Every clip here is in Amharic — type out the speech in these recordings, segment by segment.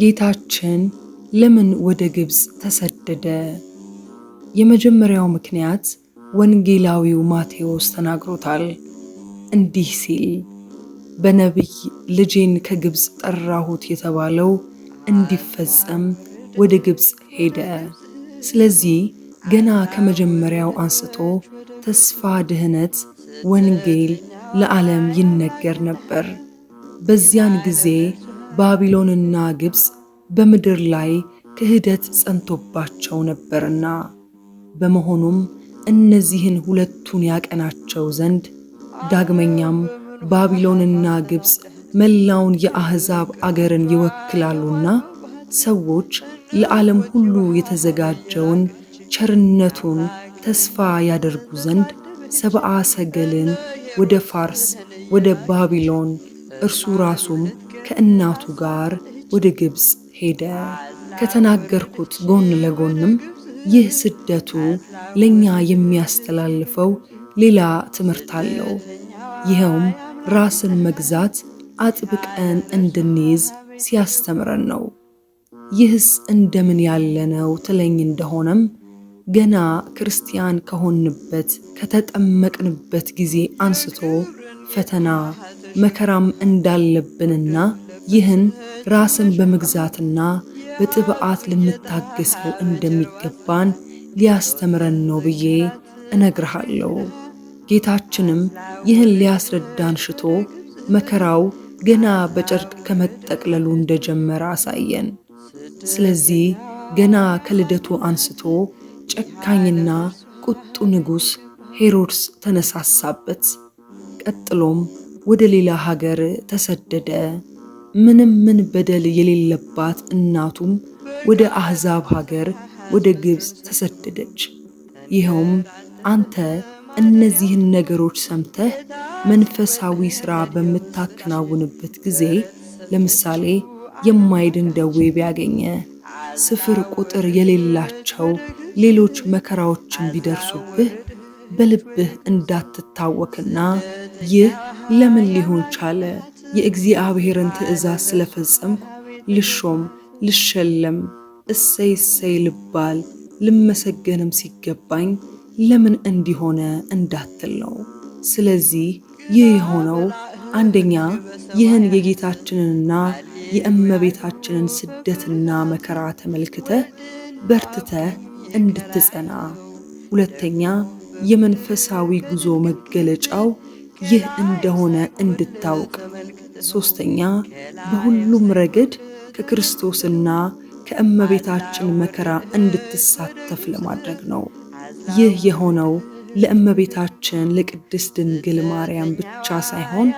ጌታችን ለምን ወደ ግብፅ ተሰደደ? የመጀመሪያው ምክንያት ወንጌላዊው ማቴዎስ ተናግሮታል እንዲህ ሲል በነቢይ ልጄን ከግብፅ ጠራሁት የተባለው እንዲፈጸም ወደ ግብፅ ሄደ። ስለዚህ ገና ከመጀመሪያው አንስቶ ተስፋ ድህነት ወንጌል ለዓለም ይነገር ነበር። በዚያን ጊዜ ባቢሎንና ግብፅ በምድር ላይ ክህደት ጸንቶባቸው ነበርና። በመሆኑም እነዚህን ሁለቱን ያቀናቸው ዘንድ ዳግመኛም ባቢሎንና ግብፅ መላውን የአሕዛብ አገርን ይወክላሉና ሰዎች ለዓለም ሁሉ የተዘጋጀውን ቸርነቱን ተስፋ ያደርጉ ዘንድ ሰብአ ሰገልን ወደ ፋርስ ወደ ባቢሎን እርሱ ራሱም ከእናቱ ጋር ወደ ግብፅ ሄደ። ከተናገርኩት ጎን ለጎንም ይህ ስደቱ ለእኛ የሚያስተላልፈው ሌላ ትምህርት አለው። ይኸውም ራስን መግዛት አጥብቀን እንድንይዝ ሲያስተምረን ነው። ይህስ እንደምን ያለ ነው ትለኝ እንደሆነም ገና ክርስቲያን ከሆንበት ከተጠመቅንበት ጊዜ አንስቶ ፈተና መከራም እንዳለብንና ይህን ራስን በመግዛትና በጥብዓት ልንታገሰው እንደሚገባን ሊያስተምረን ነው ብዬ እነግርሃለሁ። ጌታችንም ይህን ሊያስረዳን ሽቶ መከራው ገና በጨርቅ ከመጠቅለሉ እንደጀመረ አሳየን። ስለዚህ ገና ከልደቱ አንስቶ ጨካኝና ቁጡ ንጉሥ ሄሮድስ ተነሳሳበት። ቀጥሎም ወደ ሌላ ሀገር ተሰደደ። ምንም ምን በደል የሌለባት እናቱም ወደ አሕዛብ ሀገር ወደ ግብፅ ተሰደደች። ይኸውም አንተ እነዚህን ነገሮች ሰምተህ መንፈሳዊ ሥራ በምታከናውንበት ጊዜ ለምሳሌ የማይድን ደዌ ቢያገኘ ስፍር ቁጥር የሌላቸው ሌሎች መከራዎችን ቢደርሱብህ በልብህ እንዳትታወክና ይህ ለምን ሊሆን ቻለ የእግዚአብሔርን ትእዛዝ ስለፈጸምኩ ልሾም፣ ልሸለም፣ እሰይ እሰይ ልባል፣ ልመሰገንም ሲገባኝ ለምን እንዲሆነ እንዳትል ነው። ስለዚህ ይህ የሆነው አንደኛ ይህን የጌታችንንና የእመቤታችንን ስደትና መከራ ተመልክተህ በርትተህ እንድትጸና፣ ሁለተኛ የመንፈሳዊ ጉዞ መገለጫው ይህ እንደሆነ እንድታውቅ ሶስተኛ በሁሉም ረገድ ከክርስቶስና ከእመቤታችን መከራ እንድትሳተፍ ለማድረግ ነው። ይህ የሆነው ለእመቤታችን ለቅድስት ድንግል ማርያም ብቻ ሳይሆን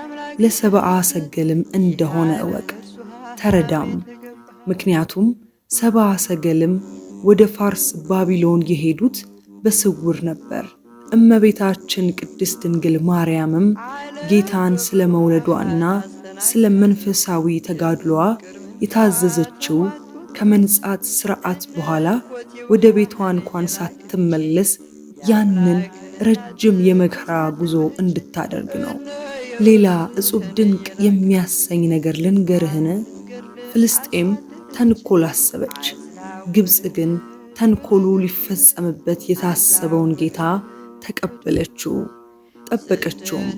ለሰብአ ሰገልም እንደሆነ እወቅ፣ ተረዳም። ምክንያቱም ሰብአ ሰገልም ወደ ፋርስ ባቢሎን የሄዱት በስውር ነበር። እመቤታችን ቅድስት ድንግል ማርያምም ጌታን ስለ መውለዷና ስለ መንፈሳዊ ተጋድሏ የታዘዘችው ከመንጻት ስርዓት በኋላ ወደ ቤቷ እንኳን ሳትመለስ ያንን ረጅም የመከራ ጉዞ እንድታደርግ ነው። ሌላ እጹብ ድንቅ የሚያሰኝ ነገር ልንገርህን። ፍልስጤም ተንኮል አሰበች፣ ግብፅ ግን ተንኮሉ ሊፈጸምበት የታሰበውን ጌታ ተቀበለችው፣ ጠበቀችውም።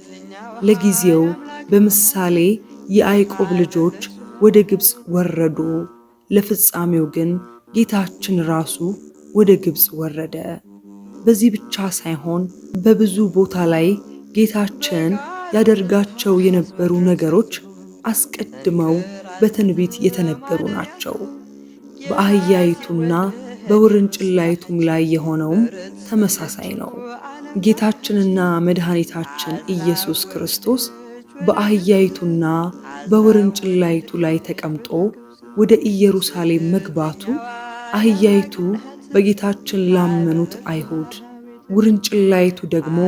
ለጊዜው በምሳሌ የአይቆብ ልጆች ወደ ግብፅ ወረዱ። ለፍጻሜው ግን ጌታችን ራሱ ወደ ግብፅ ወረደ። በዚህ ብቻ ሳይሆን በብዙ ቦታ ላይ ጌታችን ያደርጋቸው የነበሩ ነገሮች አስቀድመው በትንቢት የተነገሩ ናቸው። በአህያይቱና በውርንጭላይቱም ላይ የሆነውም ተመሳሳይ ነው። ጌታችንና መድኃኒታችን ኢየሱስ ክርስቶስ በአህያይቱና በውርንጭላይቱ ላይ ተቀምጦ ወደ ኢየሩሳሌም መግባቱ አህያይቱ በጌታችን ላመኑት አይሁድ፣ ውርንጭላይቱ ደግሞ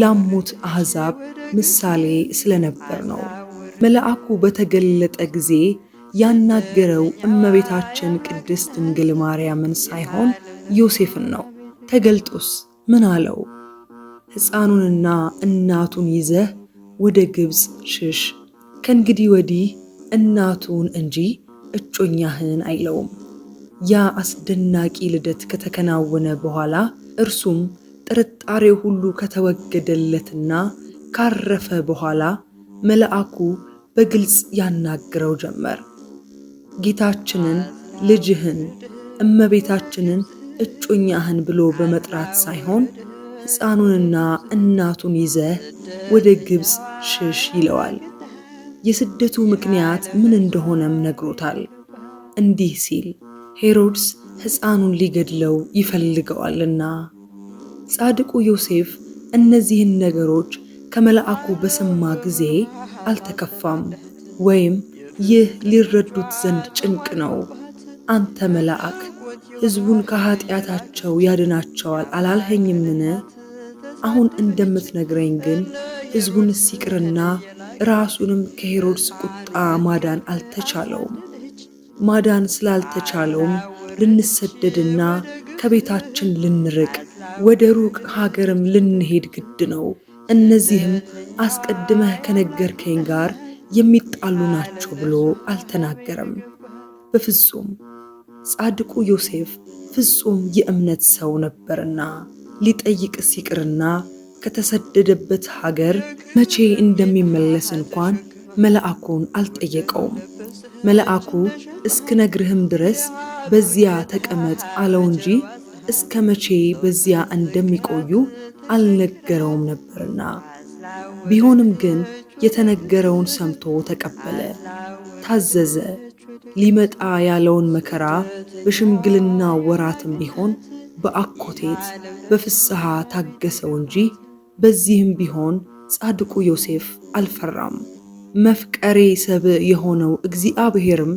ላሙት አሕዛብ ምሳሌ ስለነበር ነው። መልአኩ በተገለጠ ጊዜ ያናገረው እመቤታችን ቅድስት ድንግል ማርያምን ሳይሆን ዮሴፍን ነው። ተገልጦስ ምን አለው? ሕፃኑንና እናቱን ይዘህ ወደ ግብፅ ሽሽ፣ ከእንግዲህ ወዲህ እናቱን እንጂ እጮኛህን አይለውም። ያ አስደናቂ ልደት ከተከናወነ በኋላ እርሱም ጥርጣሬው ሁሉ ከተወገደለትና ካረፈ በኋላ መልአኩ በግልጽ ያናግረው ጀመር። ጌታችንን ልጅህን፣ እመቤታችንን እጮኛህን ብሎ በመጥራት ሳይሆን ሕፃኑንና እናቱን ይዘህ ወደ ግብፅ ሽሽ ይለዋል። የስደቱ ምክንያት ምን እንደሆነም ነግሮታል። እንዲህ ሲል ሄሮድስ ሕፃኑን ሊገድለው ይፈልገዋልና። ጻድቁ ዮሴፍ እነዚህን ነገሮች ከመልአኩ በሰማ ጊዜ አልተከፋም፣ ወይም ይህ ሊረዱት ዘንድ ጭንቅ ነው፣ አንተ መልአክ ሕዝቡን ከኃጢአታቸው ያድናቸዋል አላልኸኝምን አሁን እንደምትነግረኝ ግን ህዝቡን ሲቅርና ራሱንም ከሄሮድስ ቁጣ ማዳን አልተቻለውም። ማዳን ስላልተቻለውም ልንሰደድና ከቤታችን ልንርቅ ወደ ሩቅ ሀገርም ልንሄድ ግድ ነው። እነዚህም አስቀድመህ ከነገርከኝ ጋር የሚጣሉ ናቸው ብሎ አልተናገረም። በፍጹም ጻድቁ ዮሴፍ ፍጹም የእምነት ሰው ነበርና ሊጠይቅ ሲቅርና ከተሰደደበት ሀገር መቼ እንደሚመለስ እንኳን መልአኩን አልጠየቀውም። መልአኩ እስክነግርህም ድረስ በዚያ ተቀመጥ አለው እንጂ እስከ መቼ በዚያ እንደሚቆዩ አልነገረውም ነበርና። ቢሆንም ግን የተነገረውን ሰምቶ ተቀበለ፣ ታዘዘ። ሊመጣ ያለውን መከራ በሽምግልና ወራትም ቢሆን በአኮቴት በፍስሐ ታገሰው እንጂ በዚህም ቢሆን ጻድቁ ዮሴፍ አልፈራም። መፍቀሬ ሰብ የሆነው እግዚአብሔርም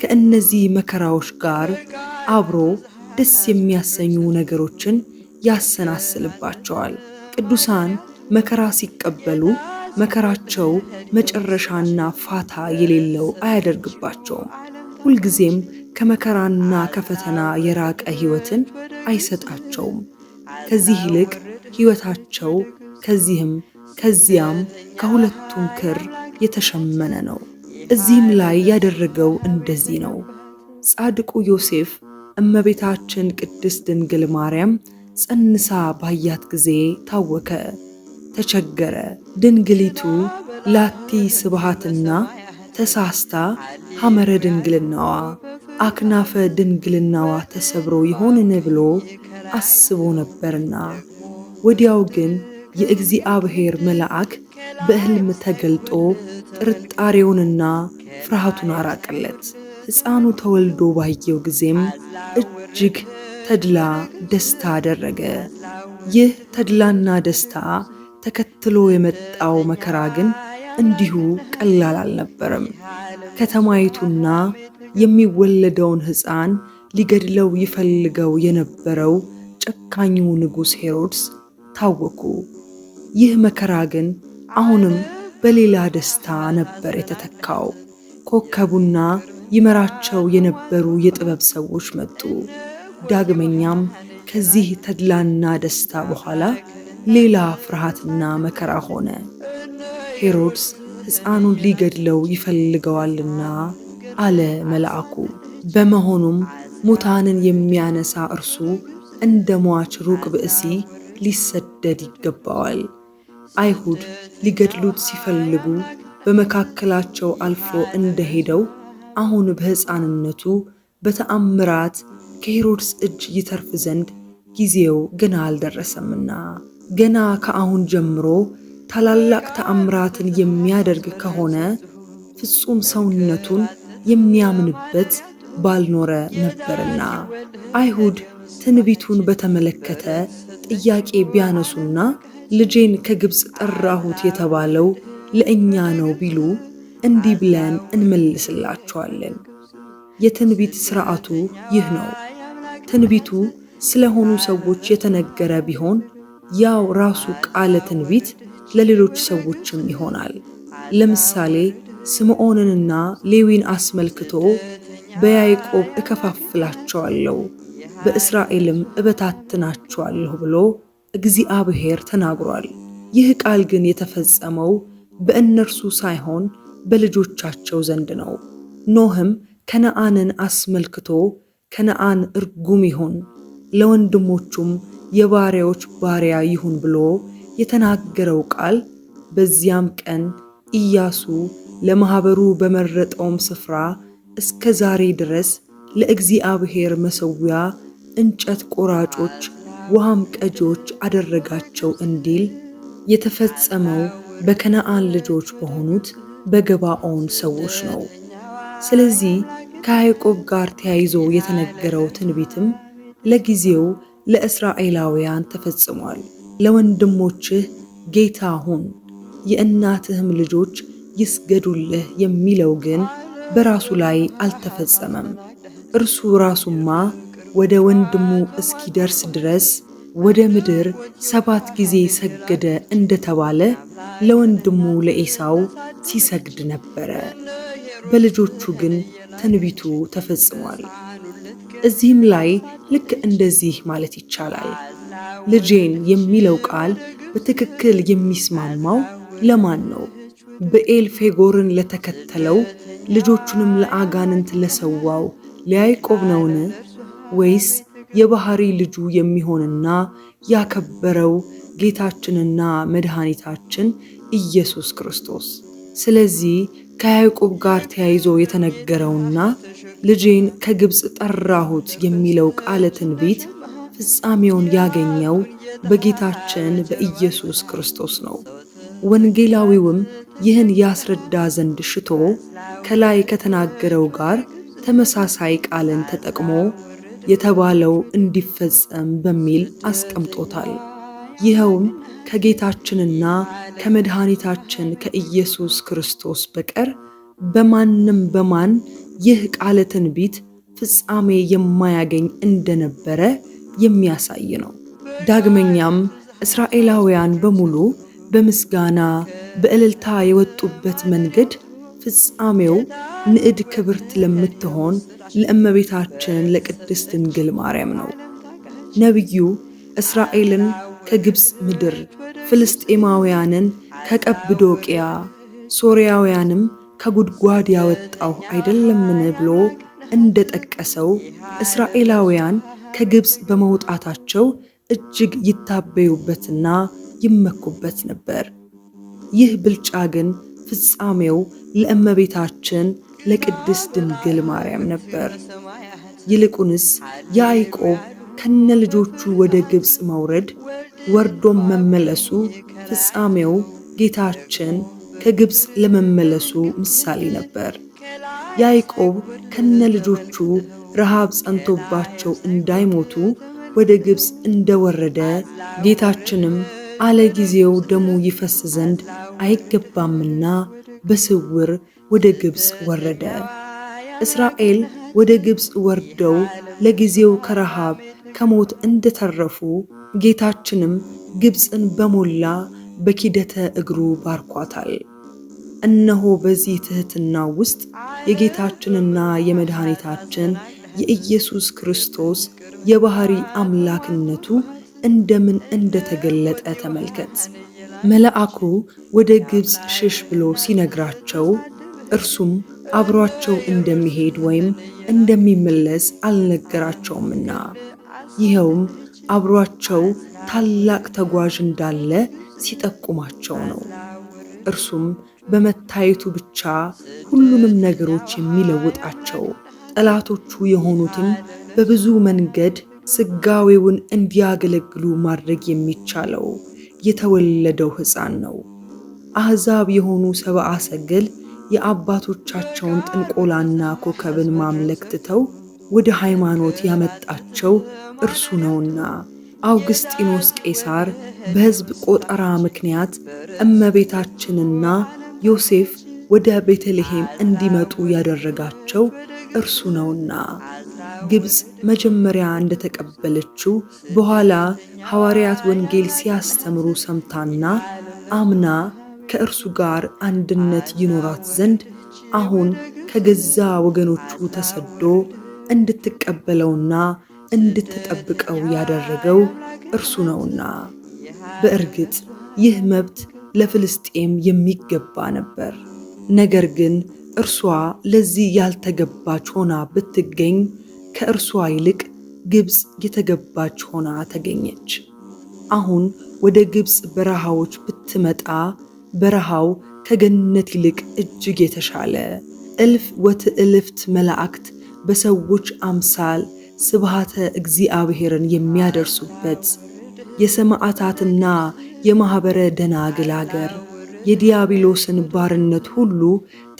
ከእነዚህ መከራዎች ጋር አብሮ ደስ የሚያሰኙ ነገሮችን ያሰናስልባቸዋል። ቅዱሳን መከራ ሲቀበሉ መከራቸው መጨረሻና ፋታ የሌለው አያደርግባቸውም። ሁልጊዜም ከመከራና ከፈተና የራቀ ሕይወትን አይሰጣቸውም። ከዚህ ይልቅ ሕይወታቸው ከዚህም ከዚያም ከሁለቱም ክር የተሸመነ ነው። እዚህም ላይ ያደረገው እንደዚህ ነው። ጻድቁ ዮሴፍ እመቤታችን ቅድስት ድንግል ማርያም ጸንሳ ባያት ጊዜ ታወከ፣ ተቸገረ። ድንግሊቱ ላቲ ስብሃትና ተሳስታ ሐመረ ድንግልናዋ አክናፈ ድንግልናዋ ተሰብሮ ይሆንን ብሎ አስቦ ነበርና፣ ወዲያው ግን የእግዚአብሔር መልአክ በሕልም ተገልጦ ጥርጣሬውንና ፍርሃቱን አራቀለት። ሕፃኑ ተወልዶ ባየው ጊዜም እጅግ ተድላ ደስታ አደረገ። ይህ ተድላና ደስታ ተከትሎ የመጣው መከራ ግን እንዲሁ ቀላል አልነበረም። ከተማይቱና የሚወለደውን ሕፃን ሊገድለው ይፈልገው የነበረው ጨካኙ ንጉሥ ሄሮድስ ታወኩ። ይህ መከራ ግን አሁንም በሌላ ደስታ ነበር የተተካው። ኮከቡና ይመራቸው የነበሩ የጥበብ ሰዎች መጡ። ዳግመኛም ከዚህ ተድላና ደስታ በኋላ ሌላ ፍርሃትና መከራ ሆነ። ሄሮድስ ሕፃኑን ሊገድለው ይፈልገዋልና አለ መልአኩ። በመሆኑም ሙታንን የሚያነሳ እርሱ እንደ ሟች ሩቅ ብእሲ ሊሰደድ ይገባዋል። አይሁድ ሊገድሉት ሲፈልጉ በመካከላቸው አልፎ እንደሄደው አሁን በሕፃንነቱ በተአምራት ከሄሮድስ እጅ ይተርፍ ዘንድ ጊዜው ገና አልደረሰምና ገና ከአሁን ጀምሮ ታላላቅ ተአምራትን የሚያደርግ ከሆነ ፍጹም ሰውነቱን የሚያምንበት ባልኖረ ነበርና አይሁድ ትንቢቱን በተመለከተ ጥያቄ ቢያነሱና ልጄን ከግብፅ ጠራሁት የተባለው ለእኛ ነው ቢሉ እንዲህ ብለን እንመልስላቸዋለን። የትንቢት ሥርዓቱ ይህ ነው። ትንቢቱ ስለሆኑ ሰዎች የተነገረ ቢሆን ያው ራሱ ቃለ ትንቢት ለሌሎች ሰዎችም ይሆናል። ለምሳሌ ስምዖንንና ሌዊን አስመልክቶ በያይቆብ እከፋፍላቸዋለሁ በእስራኤልም እበታትናቸዋለሁ ብሎ እግዚአብሔር ተናግሯል። ይህ ቃል ግን የተፈጸመው በእነርሱ ሳይሆን በልጆቻቸው ዘንድ ነው። ኖህም ከነአንን አስመልክቶ ከነአን እርጉም ይሁን ለወንድሞቹም የባሪያዎች ባሪያ ይሁን ብሎ የተናገረው ቃል በዚያም ቀን ኢያሱ ለማኅበሩ በመረጠውም ስፍራ እስከ ዛሬ ድረስ ለእግዚአብሔር መሠዊያ እንጨት ቆራጮች ውሃም ቀጂዎች አደረጋቸው እንዲል የተፈጸመው በከነአን ልጆች በሆኑት በገባኦን ሰዎች ነው። ስለዚህ ከያዕቆብ ጋር ተያይዞ የተነገረው ትንቢትም ለጊዜው ለእስራኤላውያን ተፈጽሟል። ለወንድሞችህ ጌታ ሁን፣ የእናትህም ልጆች ይስገዱልህ የሚለው ግን በራሱ ላይ አልተፈጸመም። እርሱ ራሱማ ወደ ወንድሙ እስኪደርስ ድረስ ወደ ምድር ሰባት ጊዜ ሰገደ እንደተባለ ለወንድሙ ለኤሳው ሲሰግድ ነበረ። በልጆቹ ግን ትንቢቱ ተፈጽሟል። እዚህም ላይ ልክ እንደዚህ ማለት ይቻላል። ልጄን የሚለው ቃል በትክክል የሚስማማው ለማን ነው? ብዔልፌጎርን ለተከተለው ልጆቹንም ለአጋንንት ለሰዋው ለያዕቆብ ነውን? ወይስ የባህሪ ልጁ የሚሆንና ያከበረው ጌታችንና መድኃኒታችን ኢየሱስ ክርስቶስ? ስለዚህ ከያዕቆብ ጋር ተያይዞ የተነገረውና ልጄን ከግብፅ ጠራሁት የሚለው ቃለ ትንቢት ፍጻሜውን ያገኘው በጌታችን በኢየሱስ ክርስቶስ ነው። ወንጌላዊውም ይህን ያስረዳ ዘንድ ሽቶ ከላይ ከተናገረው ጋር ተመሳሳይ ቃልን ተጠቅሞ የተባለው እንዲፈጸም በሚል አስቀምጦታል። ይኸውም ከጌታችንና ከመድኃኒታችን ከኢየሱስ ክርስቶስ በቀር በማንም በማን ይህ ቃለ ትንቢት ፍጻሜ የማያገኝ እንደነበረ የሚያሳይ ነው። ዳግመኛም እስራኤላውያን በሙሉ በምስጋና በእልልታ የወጡበት መንገድ ፍጻሜው ንዕድ ክብርት ለምትሆን ለእመቤታችን ለቅድስት ድንግል ማርያም ነው። ነቢዩ እስራኤልን ከግብፅ ምድር፣ ፍልስጤማውያንን ከቀብዶቅያ፣ ሶርያውያንም ከጉድጓድ ያወጣው አይደለምን ብሎ እንደጠቀሰው እስራኤላውያን ከግብፅ በመውጣታቸው እጅግ ይታበዩበትና ይመኩበት ነበር። ይህ ብልጫ ግን ፍጻሜው ለእመቤታችን ለቅድስት ድንግል ማርያም ነበር። ይልቁንስ ያዕቆብ ከነ ልጆቹ ወደ ግብፅ መውረድ ወርዶም መመለሱ ፍጻሜው ጌታችን ከግብፅ ለመመለሱ ምሳሌ ነበር። ያዕቆብ ከነ ልጆቹ ረሃብ ጸንቶባቸው እንዳይሞቱ ወደ ግብፅ እንደወረደ ጌታችንም አለ ጊዜው ደሙ ይፈስ ዘንድ አይገባምና በስውር ወደ ግብፅ ወረደ። እስራኤል ወደ ግብፅ ወርደው ለጊዜው ከረሃብ ከሞት እንደተረፉ ጌታችንም ግብፅን በሞላ በኪደተ እግሩ ባርኳታል። እነሆ በዚህ ትሕትና ውስጥ የጌታችንና የመድኃኒታችን የኢየሱስ ክርስቶስ የባህሪ አምላክነቱ እንደምን እንደተገለጠ ተመልከት። መልአኩ ወደ ግብፅ ሽሽ ብሎ ሲነግራቸው እርሱም አብሯቸው እንደሚሄድ ወይም እንደሚመለስ አልነገራቸውምና ይኸውም አብሯቸው ታላቅ ተጓዥ እንዳለ ሲጠቁማቸው ነው። እርሱም በመታየቱ ብቻ ሁሉንም ነገሮች የሚለውጣቸው ጠላቶቹ የሆኑትን በብዙ መንገድ ስጋዌውን እንዲያገለግሉ ማድረግ የሚቻለው የተወለደው ሕፃን ነው። አሕዛብ የሆኑ ሰብአ ሰገል የአባቶቻቸውን ጥንቆላና ኮከብን ማምለክ ትተው ወደ ሃይማኖት ያመጣቸው እርሱ ነውና። አውግስጢኖስ ቄሳር በሕዝብ ቆጠራ ምክንያት እመቤታችንና ዮሴፍ ወደ ቤተልሔም እንዲመጡ ያደረጋቸው እርሱ ነውና ግብፅ መጀመሪያ እንደተቀበለችው በኋላ ሐዋርያት ወንጌል ሲያስተምሩ ሰምታና አምና ከእርሱ ጋር አንድነት ይኖራት ዘንድ አሁን ከገዛ ወገኖቹ ተሰዶ እንድትቀበለውና እንድትጠብቀው ያደረገው እርሱ ነውና። በእርግጥ ይህ መብት ለፍልስጤም የሚገባ ነበር። ነገር ግን እርሷ ለዚህ ያልተገባች ሆና ብትገኝ ከእርሷ ይልቅ ግብፅ የተገባች ሆና ተገኘች። አሁን ወደ ግብፅ በረሃዎች ብትመጣ በረሃው ከገነት ይልቅ እጅግ የተሻለ እልፍ ወትዕልፍት መላእክት በሰዎች አምሳል ስብሃተ እግዚአብሔርን የሚያደርሱበት የሰማዕታትና የማኅበረ ደናግል አገር የዲያብሎስን ባርነት ሁሉ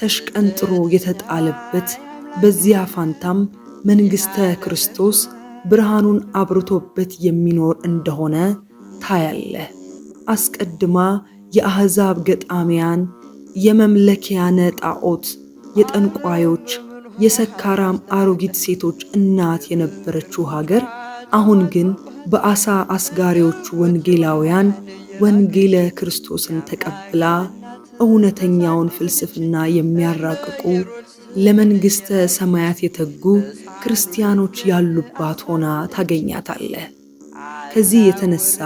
ተሽቀንጥሮ የተጣለበት በዚያ ፋንታም መንግሥተ ክርስቶስ ብርሃኑን አብርቶበት የሚኖር እንደሆነ ታያለ። አስቀድማ የአሕዛብ ገጣሚያን የመምለኪያነ ጣዖት የጠንቋዮች የሰካራም አሮጊት ሴቶች እናት የነበረችው ሀገር አሁን ግን በአሳ አስጋሪዎቹ ወንጌላውያን ወንጌለ ክርስቶስን ተቀብላ እውነተኛውን ፍልስፍና የሚያራቅቁ ለመንግሥተ ሰማያት የተጉ ክርስቲያኖች ያሉባት ሆና ታገኛታለህ። ከዚህ የተነሳ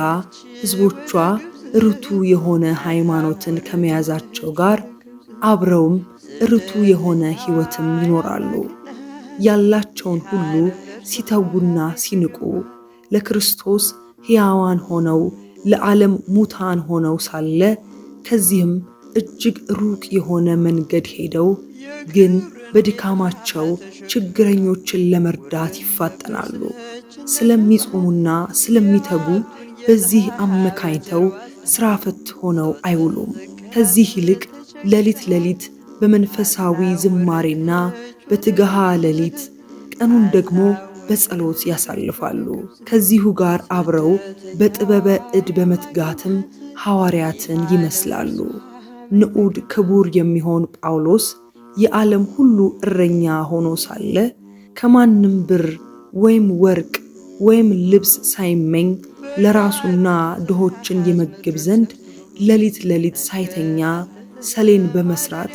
ሕዝቦቿ ርቱ የሆነ ሃይማኖትን ከመያዛቸው ጋር አብረውም ርቱ የሆነ ሕይወትም ይኖራሉ። ያላቸውን ሁሉ ሲተዉና ሲንቁ ለክርስቶስ ሕያዋን ሆነው ለዓለም ሙታን ሆነው ሳለ ከዚህም እጅግ ሩቅ የሆነ መንገድ ሄደው ግን በድካማቸው ችግረኞችን ለመርዳት ይፋጠናሉ። ስለሚጾሙና ስለሚተጉ በዚህ አመካኝተው ስራ ፈት ሆነው አይውሉም። ከዚህ ይልቅ ሌሊት ሌሊት በመንፈሳዊ ዝማሬና በትግሃ ሌሊት ቀኑን ደግሞ በጸሎት ያሳልፋሉ። ከዚሁ ጋር አብረው በጥበበ እድ በመትጋትም ሐዋርያትን ይመስላሉ። ንዑድ ክቡር የሚሆን ጳውሎስ የዓለም ሁሉ እረኛ ሆኖ ሳለ ከማንም ብር ወይም ወርቅ ወይም ልብስ ሳይመኝ ለራሱና ድሆችን የመግብ ዘንድ ሌሊት ሌሊት ሳይተኛ ሰሌን በመስራት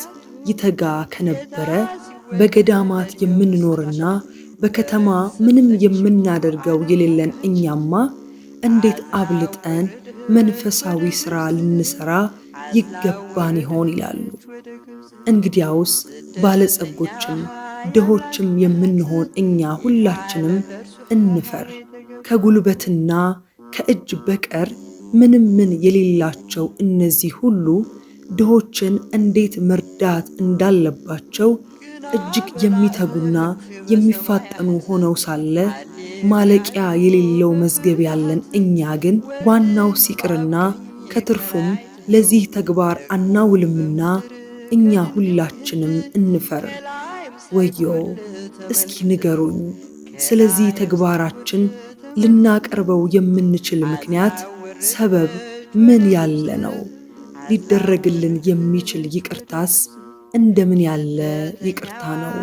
ይተጋ ከነበረ በገዳማት የምንኖርና በከተማ ምንም የምናደርገው የሌለን እኛማ እንዴት አብልጠን መንፈሳዊ ሥራ ልንሠራ ይገባን ይሆን ይላሉ። እንግዲያውስ ባለጸጎችም ድሆችም የምንሆን እኛ ሁላችንም እንፈር። ከጉልበትና ከእጅ በቀር ምንም ምን የሌላቸው እነዚህ ሁሉ ድሆችን እንዴት መርዳት እንዳለባቸው እጅግ የሚተጉና የሚፋጠኑ ሆነው ሳለ ማለቂያ የሌለው መዝገብ ያለን እኛ ግን ዋናው ሲቅርና ከትርፉም ለዚህ ተግባር አናውልምና እኛ ሁላችንም እንፈር። ወዮ እስኪ ንገሩኝ፣ ስለዚህ ተግባራችን ልናቀርበው የምንችል ምክንያት ሰበብ ምን ያለ ነው? ሊደረግልን የሚችል ይቅርታስ እንደምን ያለ ይቅርታ ነው?